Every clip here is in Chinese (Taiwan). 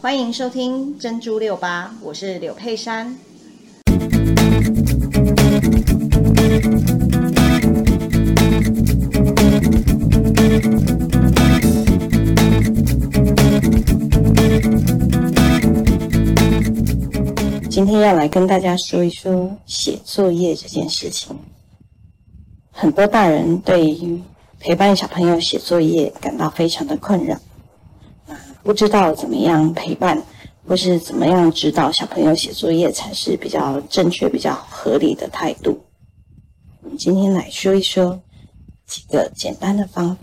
歡迎收聽《珍珠六八》，我是柳佩珊。今天要來跟大家說一說寫作業這件事情。很多大人對於陪伴小朋友寫作業感到非常的困擾。不知道怎麼樣陪伴，或是怎麼樣指導小朋友寫作業才是比較正確、比較合理的態度。我們今天來說一說幾個簡單的方法，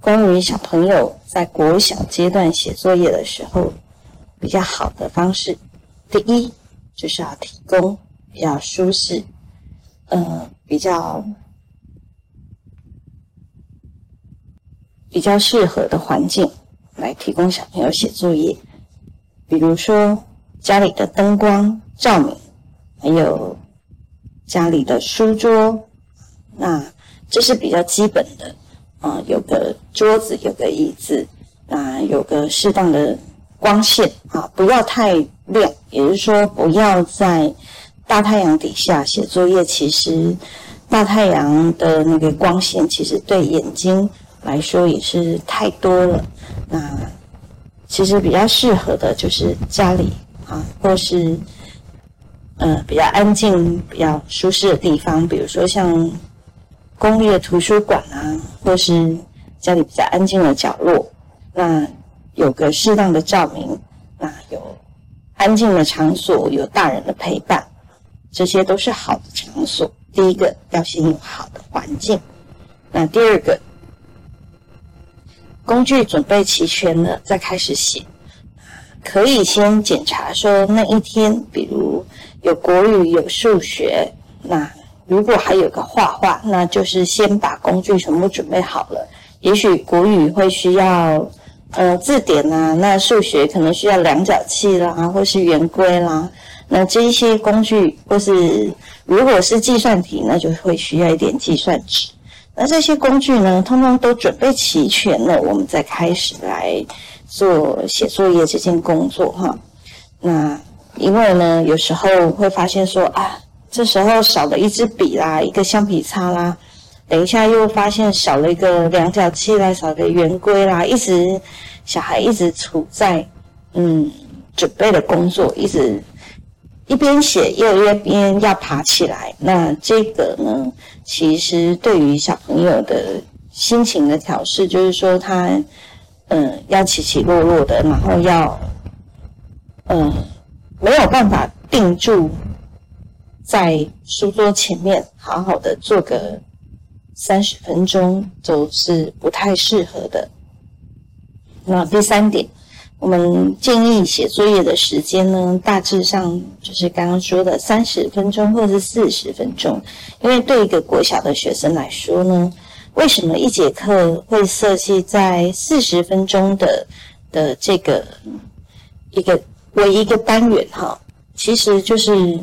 關於小朋友在國小階段寫作業的時候比較好的方式。第一，就是要提供比較舒適、呃，比較比較適合的環境。來提供小朋友寫作業，比如說家裡的燈光照明，還有家裡的書桌，那這是比較基本的啊，有個桌子，有個椅子，啊，有個適當的光線啊，不要太亮，也就是說，不要在大太陽底下寫作業。其實大太陽的那個光線，其實對眼睛來說也是太多了。那其實比較適合的就是家裡啊，或是呃比較安靜、比較舒適的地方，比如說像公立的圖書館啊，或是家裡比較安靜的角落。那有個適當的照明，那有安靜的場所，有大人的陪伴，這些都是好的場所。第一個要先有好的環境，那第二個。工具準備齊全了，再開始寫，可以先檢查說那一天，比如有國語有數學，那如果還有個畫畫，那就是先把工具全部準備好了。也許國語會需要呃字典啊，那數學可能需要量角器啦或是圓規啦，那這一些工具或是如果是計算題，那就會需要一點計算紙。那這些工具呢，通通都準備齊全了，我們再開始來做寫作業這件工作哈。那因為呢，有時候會發現說啊，這時候少了一支筆啦，一個橡皮擦啦，等一下又發現少了一個量角器啦，少了一個圓規啦，一直小孩一直處在嗯準備的工作，一直。一邊寫，又一邊要爬起來。那這個呢，其實對於小朋友的心情的調試，就是說他，嗯，要起起落落的，然後要，嗯，沒有辦法定住在書桌前面，好好的坐個三十分鐘，都是不太適合的。那第三點。我們建議寫作業的時間呢，大致上就是剛剛說的三十分鐘或者是四十分鐘，因為對一個國小的學生來說呢，為什麼一節課會設計在四十分鐘的的這個一個為一,一個單元哈？其實就是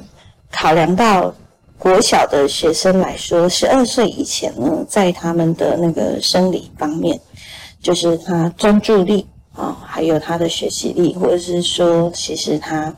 考量到國小的學生來說，十二歲以前呢，在他們的那個生理方面，就是他專注力。啊、哦，還有他的學習力，或者是說，其實他，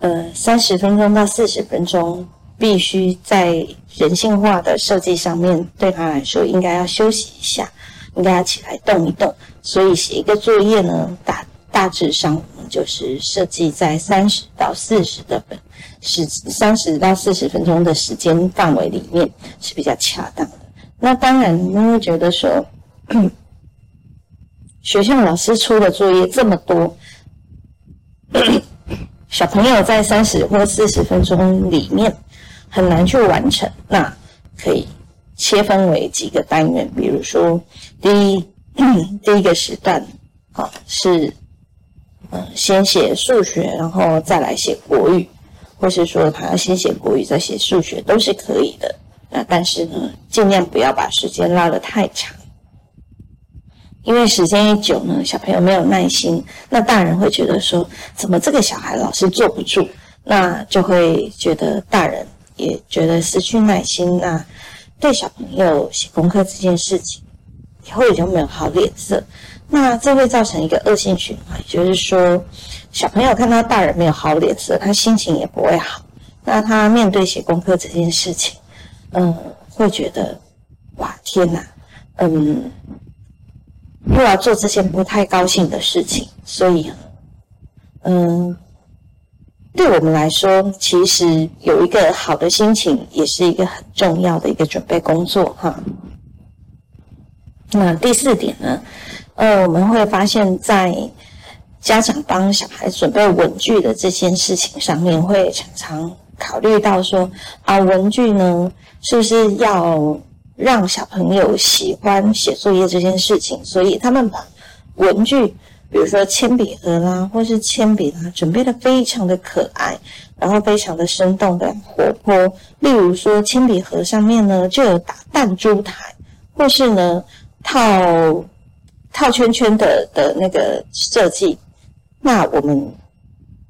呃，三十分鐘到四十分鐘，必須在人性化的設計上面，對他來說應該要休息一下，應該要起來動一動。所以寫一個作業呢，大大致上就是設計在三十到四十的本時，三十到四十分鐘的時間範圍裡面是比較恰當的。那當然，你會覺得說，嗯。學校老師出的作業這麼多，小朋友在三十或四十分鐘裡面很難去完成。那可以切分為幾個單元，比如說第一、第一個時段，啊，是呃先寫數學，然後再來寫國語，或是說他先寫國語再寫數學都是可以的。那但是呢，盡量不要把時間拉得太長。因為時間一久呢，小朋友沒有耐心，那大人會覺得說，怎麼這個小孩老是坐不住，那就會覺得大人也覺得失去耐心，那對小朋友寫功課這件事情，以後也就沒有好臉色，那這會造成一個惡性循環，也就是說，小朋友看到大人沒有好臉色，他心情也不會好，那他面對寫功課這件事情，嗯，會覺得，哇，天哪，嗯。不要做這些不太高興的事情，所以，嗯，對我們來說，其實有一個好的心情，也是一個很重要的一個準備工作哈。那、嗯、第四點呢，呃，我們會發現在家長幫小孩準備文具的這件事情上面，會常常考慮到說，啊，文具呢，是不是要？讓小朋友喜歡寫作業這件事情，所以他們把文具，比如說鉛筆盒啦，或是鉛筆啦，準備的非常的可愛，然後非常的生動的活潑。例如說，鉛筆盒上面呢就有打彈珠台，或是呢套套圈圈的的那個設計。那我們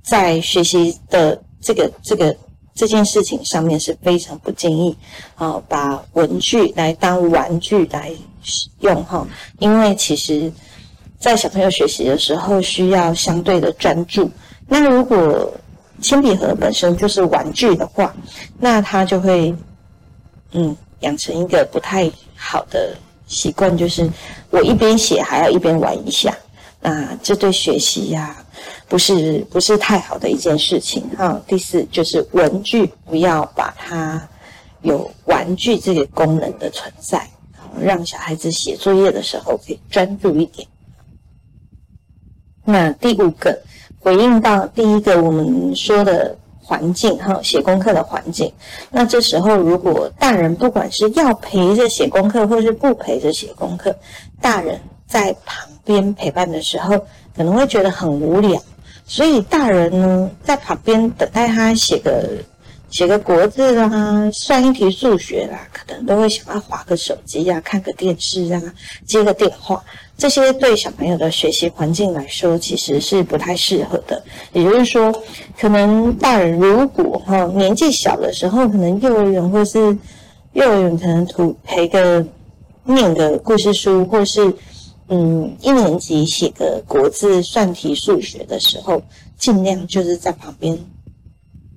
在學習的這個這個。這件事情上面是非常不建議啊、哦，把文具來當玩具來使用哈，因為其實，在小朋友學習的時候需要相對的專注。那如果鉛筆盒本身就是玩具的話，那他就會，嗯，養成一個不太好的習慣，就是我一邊寫還要一邊玩一下，那這對學習呀、啊。不是不是太好的一件事情哈、哦。第四就是文具不要把它有玩具這個功能的存在、哦，讓小孩子寫作業的時候可以專注一點。那第五個回應到第一個我們說的環境哈、哦，寫功課的環境。那這時候如果大人不管是要陪着寫功課，或是不陪着寫功課，大人在旁邊陪伴的時候。可能會覺得很無聊，所以大人呢在旁邊等待他寫個寫個國字啦、啊，算一題數學啦、啊，可能都會想要滑個手機呀、啊，看個電視啊，接個電話，這些對小朋友的學習環境來說其實是不太適合的。也就是說，可能大人如果哈、哦、年紀小的時候，可能幼兒園或是幼兒園可能圖陪個念個故事書，或是。嗯，一年級寫個國字算題數學的時候，盡量就是在旁邊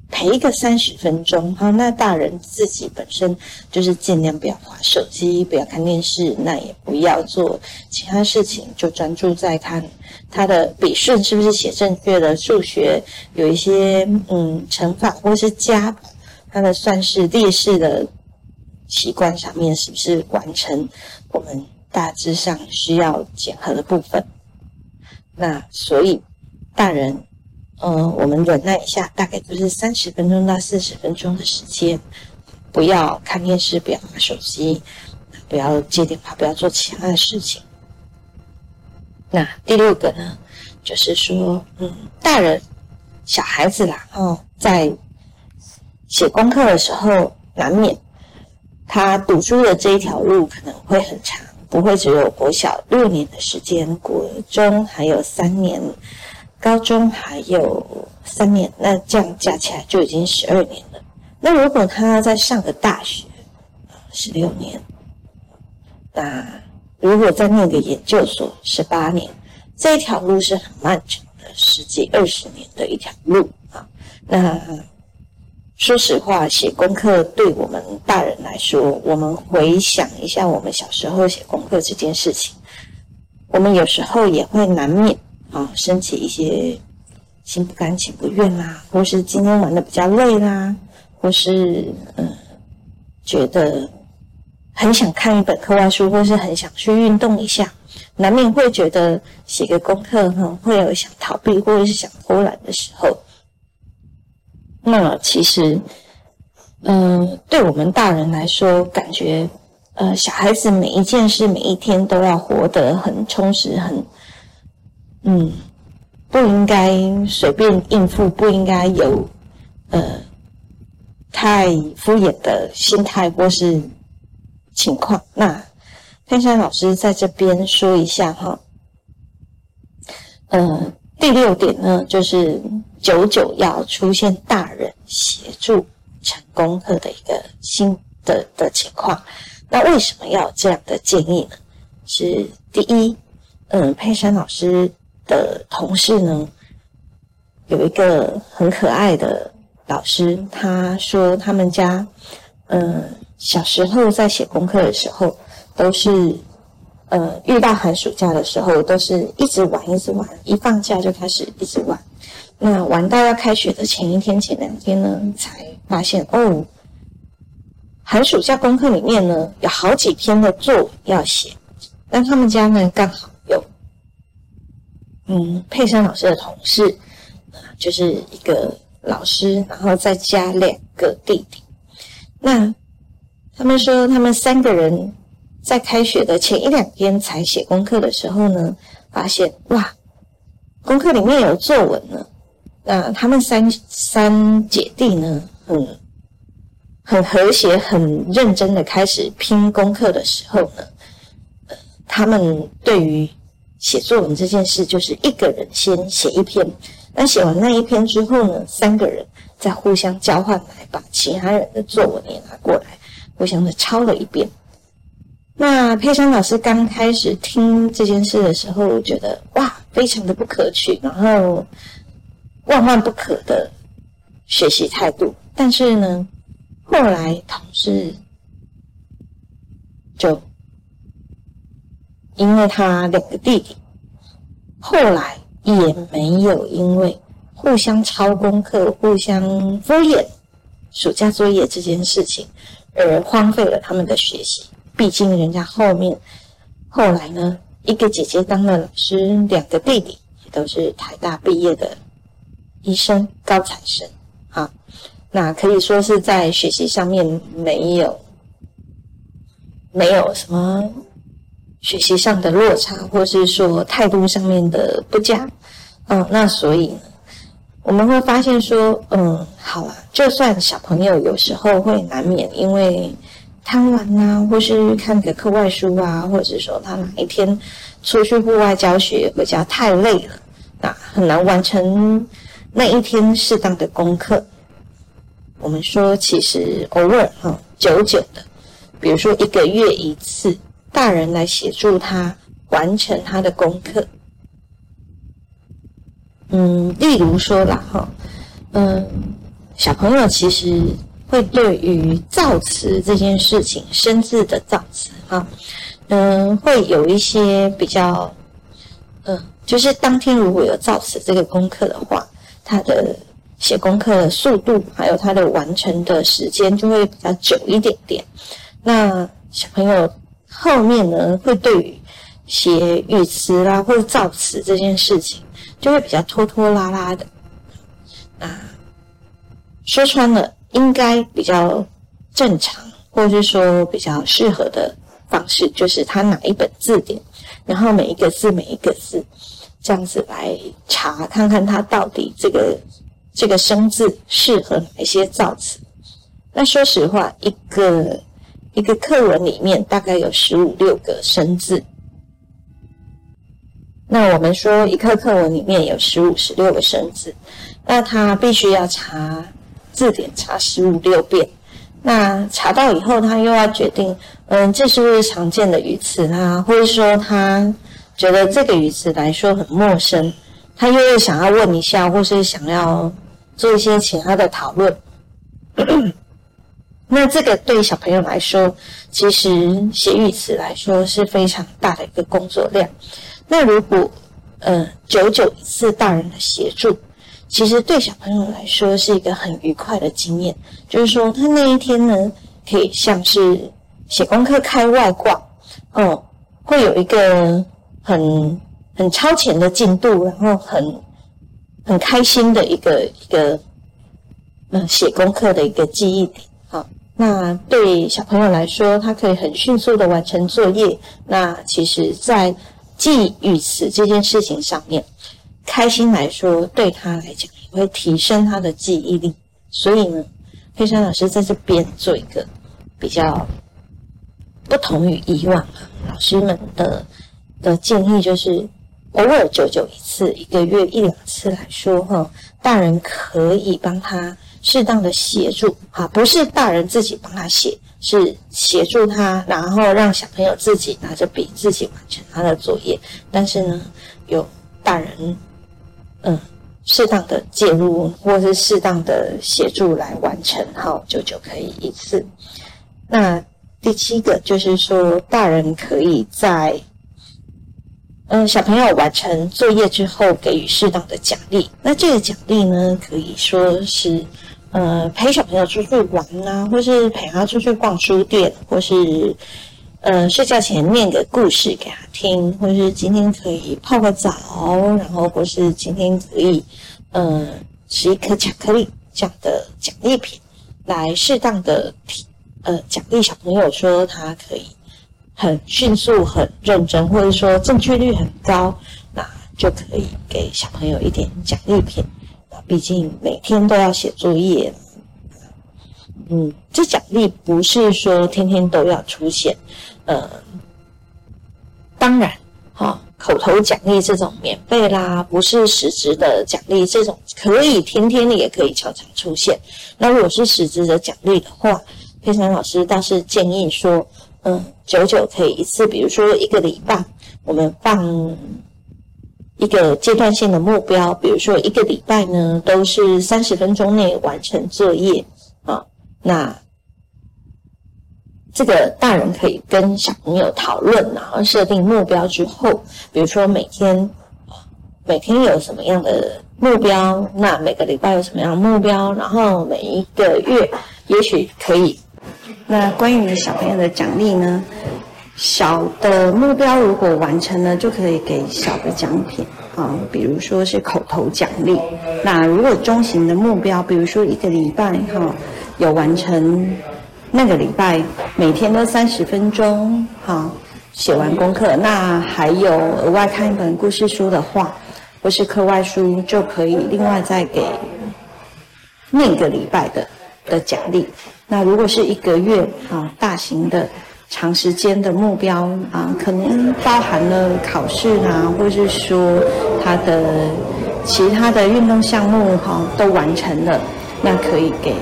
陪一個三十分鐘。好，那大人自己本身就是盡量不要玩手機，不要看電視，那也不要做其他事情，就專注在看他的筆順是不是寫正確的。數學有一些嗯乘法或是加，他的算式列式的習慣上面是不是完成我們。大致上需要減荷的部分，那所以大人，嗯，我們忍耐一下，大概就是三十分鐘到四十分鐘的時間，不要看電視，不要拿手機，不要接電話，不要做其他的事情。那第六個呢，就是說，嗯，大人，小孩子啦，哦，在寫功課的時候，難免，他讀書的這一條路可能會很長。不會只有國小六年的時間，國中還有三年，高中還有三年，那這樣加起來就已經十二年了。那如果他在上個大學，十六年，那如果在念個研究所十八年，這條路是很漫長的，十幾二十年的一條路啊。那，說實話，寫功課對我們大人來說，我們回想一下我們小時候寫功課這件事情，我們有時候也會難免啊、哦，升起一些心不甘情不願啦、啊，或是今天玩的比較累啦、啊，或是嗯，覺得很想看一本課外書，或是很想去運動一下，難免會覺得寫個功課呢、嗯，會有想逃避或者是想偷懶的時候。那其實，呃，對我們大人來說，感覺呃，小孩子每一件事、每一天都要活得很充實、很，嗯，不應該隨便應付，不應該有呃太敷衍的心態或是情況。那天山老師在這邊說一下哈、哦，呃，第六點呢，就是。久久要出現大人協助成功課的一個新的的情況，那為什麼要有這樣的建議呢？是第一，嗯、呃，佩珊老師的同事呢，有一個很可愛的老師，他說他們家，嗯、呃，小時候在寫功課的時候，都是，呃，遇到寒暑假的時候，都是一直玩，一直玩，一放假就開始一直玩。那玩到要開學的前一天、前兩天呢，才發現哦，寒暑假功課裡面呢，有好幾天的作文要寫。但他們家呢剛好有，嗯，佩珊老師的同事就是一個老師，然後再加兩個弟弟。那他們說，他們三個人在開學的前一兩天才寫功課的時候呢，發現哇，功課裡面有作文呢。那他們三三姐弟呢，很很和諧，很認真的開始拼功課的時候呢，他們對於寫作文這件事，就是一個人先寫一篇，那寫完那一篇之後呢，三個人再互相交換來把其他人的作文也拿過來，互相的抄了一遍。那佩珊老師剛開始聽這件事的時候，覺得哇，非常的不可取，然後。萬萬不可的學習態度，但是呢，後來同事就因為他兩個弟弟，後來也沒有因為互相抄功課、互相敷衍暑假作業這件事情而荒廢了他們的學習。畢竟人家後面後來呢，一個姐姐當了老師，兩個弟弟也都是台大畢業的。醫生高材生，啊，那可以說是在學習上面沒有，沒有什麼學習上的落差，或是說態度上面的不佳，嗯，那所以我們會發現說，嗯，好了，就算小朋友有時候會難免因為貪玩啊，或是看個課外書啊，或者是說他哪一天出去戶外教學回家太累了，那很難完成。那一天適當的功課，我們說其實偶爾 e 哈、哦，久久的，比如說一個月一次，大人來協助他完成他的功課。嗯，例如說啦哈，嗯、哦、呃，小朋友其實會對於造詞這件事情，生字的造詞哈，嗯、哦、呃，會有一些比較，嗯、呃，就是當天如果有造詞這個功課的話。他的寫功課的速度，還有他的完成的時間，就會比較久一點點。那小朋友後面呢，會對於寫語詞啦，或者造詞這件事情，就會比較拖拖拉拉的。那說穿了，應該比較正常，或是說比較適合的方式，就是他哪一本字典，然後每一個字，每一個字。這樣子來查看看，他到底這個這個生字適合哪些造詞？那說實話，一個一個課文裡面大概有十五六個生字。那我們說，一課課文裡面有十五十六個生字，那他必須要查字典查十五六遍。那查到以後，他又要決定，嗯，這是不是常見的語詞啊？或者說他。覺得這個語詞來說很陌生，他又想要問一下，或是想要做一些其他的討論。 那這個對小朋友來說，其實寫語詞來說是非常大的一個工作量。那如果呃，久久一次大人的協助，其實對小朋友來說是一個很愉快的經驗。就是說，他那一天呢，可以像是寫功課開外掛，哦，會有一個。很很超前的進度，然後很很開心的一個一個嗯、呃、寫功課的一個記憶點好。那對小朋友來說，他可以很迅速的完成作業。那其實，在記語詞這件事情上面，開心來說，對他來講也會提升他的記憶力。所以呢，佩珊老師在這邊做一個比較不同於以往老師們的。的建議就是，偶爾久久一次，一個月一兩次來說哈，大人可以幫他適當的協助哈，不是大人自己幫他寫，是協助他，然後讓小朋友自己拿着筆自己完成他的作業，但是呢，有大人嗯，適當的介入或是適當的協助來完成哈，久久可以一次。那第七個就是說，大人可以在。嗯、呃，小朋友完成作業之後，給予適當的獎勵。那這個獎勵呢，可以說是，呃，陪小朋友出去玩啦、啊，或是陪他出去逛書店，或是，呃，睡覺前念個故事給他聽，或是今天可以泡個澡，然後或是今天可以，呃，吃一顆巧克力這樣的獎勵品，來適當的呃，獎勵小朋友說他可以。很迅速、很認真，或者說正確率很高，那就可以給小朋友一點獎勵品。畢竟每天都要寫作業，嗯，這獎勵不是說天天都要出現。呃，當然，哈、哦，口頭獎勵這種免費啦，不是實質的獎勵這種，可以天天也可以常常出現。那如果是實質的獎勵的話，佩珊老師倒是建議說，嗯，久久可以一次，比如說一個禮拜，我們放一個階段性的目標，比如說一個禮拜呢，都是三十分鐘內完成作業啊、哦。那這個大人可以跟小朋友討論，然後設定目標之後，比如說每天，每天有什麼樣的目標，那每個禮拜有什麼樣的目標，然後每一個月，也許可以。那關於小朋友的獎勵呢？小的目標如果完成了，就可以給小的獎品啊、哦，比如說是口頭獎勵。那如果中型的目標，比如說一個禮拜哈、哦，有完成那個禮拜每天都三十分鐘哈、哦，寫完功課，那還有額外看一本故事書的話，或是課外書，就可以另外再給那個禮拜的的獎勵。那如果是一個月啊，大型的、長時間的目標啊，可能包含了考試啊，或者是說他的其他的運動項目哈，都完成了，那可以給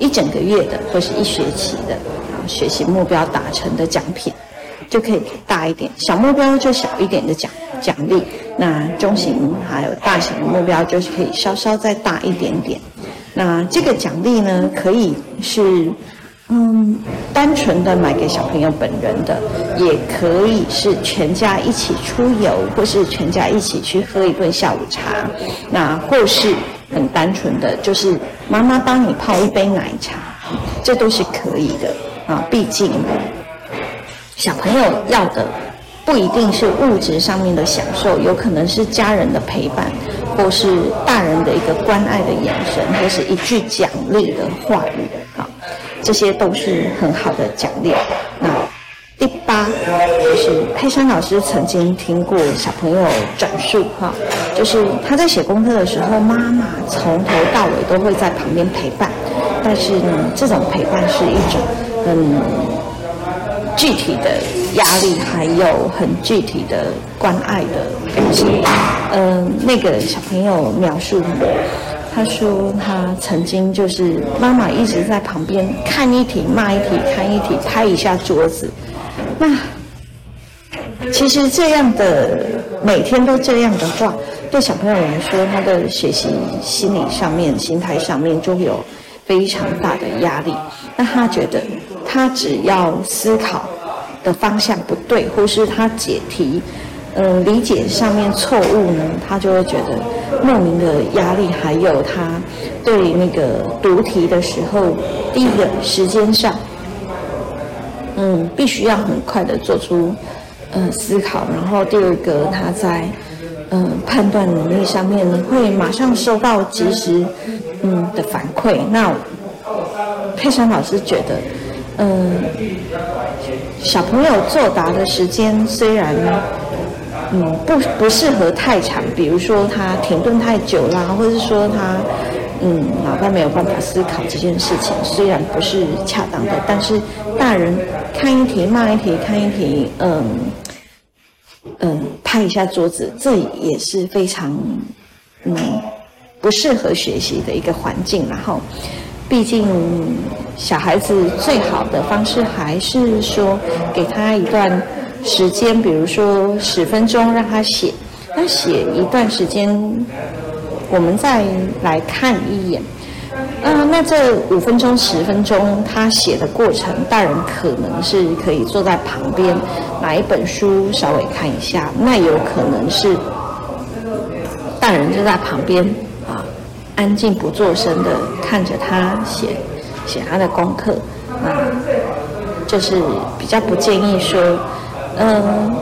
一整個月的，或是一學期的啊學習目標達成的獎品，就可以大一點；小目標就小一點的獎獎勵。那中型還有大型的目標，就是可以稍稍再大一點點。那這個獎勵呢，可以是，嗯，單純的買給小朋友本人的，也可以是全家一起出遊，或是全家一起去喝一頓下午茶，那或是很單純的就是媽媽幫你泡一杯奶茶，這都是可以的啊。畢竟小朋友要的不一定是物質上面的享受，有可能是家人的陪伴。或是大人的一個關愛的眼神，或者是一句獎勵的話語，啊，這些都是很好的獎勵。那第八，就是佩珊老師曾經聽過小朋友轉述，哈、啊，就是他在寫功課的時候，媽媽從頭到尾都會在旁邊陪伴，但是呢，這種陪伴是一種，嗯。具體的壓力，還有很具體的關愛的東西。嗯、呃，那個小朋友描述，他說他曾經就是媽媽一直在旁邊看一題，罵一題，看一題，拍一下桌子。那其實這樣的，每天都這樣的話，對小朋友來說，他的學習心理上面、心態上面就有非常大的壓力。那他覺得。他只要思考的方向不對，或是他解題，嗯，理解上面錯誤呢，他就會覺得莫名的壓力。還有他對那個讀題的時候，第一個時間上，嗯，必須要很快的做出嗯思考，然後第二個他在嗯判斷能力上面會馬上收到及時嗯的反饋。那佩珊老師覺得。嗯，小朋友作答的時間雖然，嗯，不不適合太長，比如說他停頓太久啦，或者是說他，嗯，腦袋沒有辦法思考這件事情，雖然不是恰當的，但是大人看一題，罵一題，看一題，嗯，嗯，拍一下桌子，這也是非常，嗯，不適合學習的一個環境，然後。畢竟，小孩子最好的方式還是說，給他一段時間，比如說十分鐘讓他寫。那寫一段時間，我們再來看一眼。嗯、呃，那這五分鐘、十分鐘他寫的過程，大人可能是可以坐在旁邊，拿一本書稍微看一下。那有可能是大人就在旁邊。安靜不作聲的看着他寫，寫他的功課，啊，就是比較不建議說，嗯，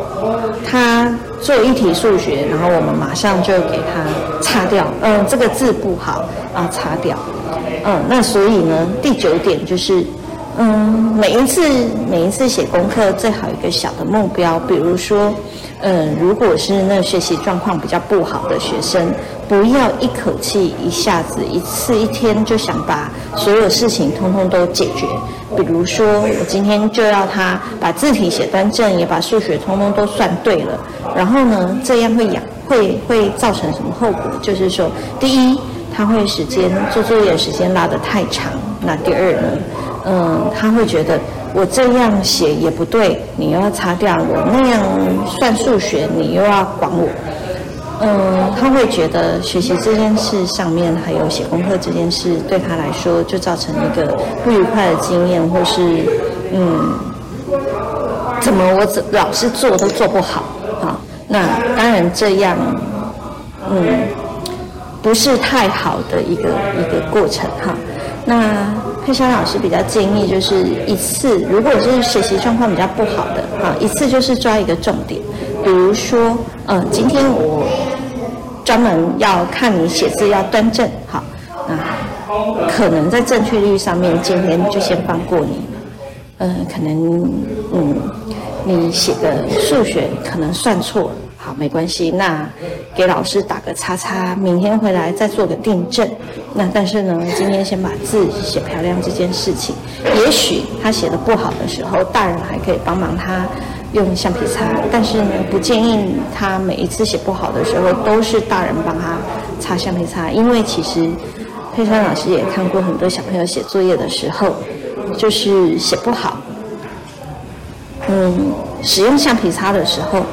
他做一題數學，然後我們馬上就給他擦掉，嗯，這個字不好啊，擦掉，嗯，那所以呢，第九點就是，嗯，每一次每一次寫功課最好有一個小的目標，比如說，嗯，如果是那學習狀況比較不好的學生。不要一口氣一下子一次一天就想把所有事情通通都解決。比如說，我今天就要他把字體寫端正，也把數學通通都算對了。然後呢，這樣會養會會造成什麼後果？就是說，第一，他會時間做作業的時間拉得太長。那第二呢，嗯，他會覺得我這樣寫也不對，你又要擦掉我那樣算數學，你又要管我。嗯，他會覺得學習這件事上面，還有寫功課這件事，對他來說就造成一個不愉快的經驗，或是嗯，怎麼我怎老是做都做不好啊？那當然這樣，嗯，不是太好的一個一個過程哈。那佩珊老師比較建議就是一次，如果就是學習狀況比較不好的哈，一次就是抓一個重點。比如說，嗯、呃，今天我專門要看你寫字要端正，好，那，可能在正確率上面今天就先放過你，嗯、呃，可能，嗯，你寫的數學可能算錯，好，沒關係，那給老師打個叉叉，明天回來再做個訂正。那但是呢，今天先把字寫漂亮這件事情，也許他寫得不好的時候，大人還可以幫忙他。用橡皮擦，但是呢，不建議他每一次寫不好的時候都是大人幫他擦橡皮擦，因為其實佩珊老師也看過很多小朋友寫作業的時候，就是寫不好，嗯，使用橡皮擦的時候，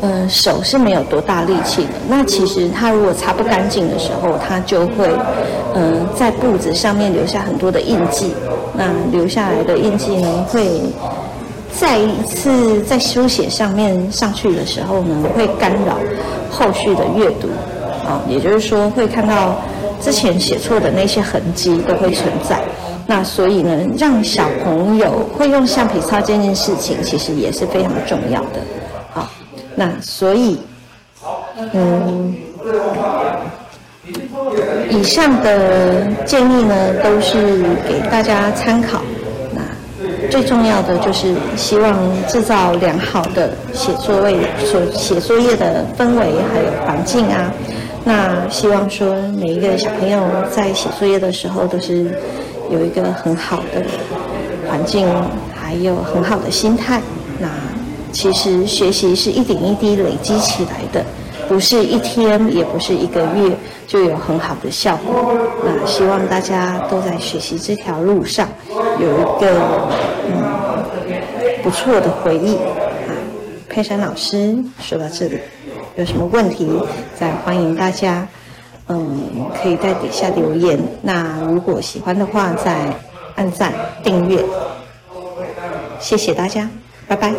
嗯、呃，手是沒有多大力氣的。那其實他如果擦不乾淨的時候，他就會，嗯、呃，在簿子上面留下很多的印記，那留下來的印記呢會。再一次在書寫上面上去的時候呢，會干擾後續的閱讀，啊、哦，也就是說會看到之前寫錯的那些痕迹都會存在。那所以呢，讓小朋友會用橡皮擦這件事情，其實也是非常重要的。啊、哦，那所以，嗯，以上的建議呢，都是給大家參考。最重要的就是希望製造良好的寫作為、位、所寫作業的氛圍還有環境啊。那希望說每一個小朋友在寫作業的時候都是有一個很好的環境，還有很好的心態。那其實學習是一點一滴累積起來的，不是一天，也不是一個月就有很好的效果。那希望大家都在學習這條路上有一個，不錯的回憶，啊，佩珊老師說到這裡，有什麼問題再歡迎大家，嗯，可以在底下留言。那如果喜歡的話，再按贊訂閱，謝謝大家，拜拜。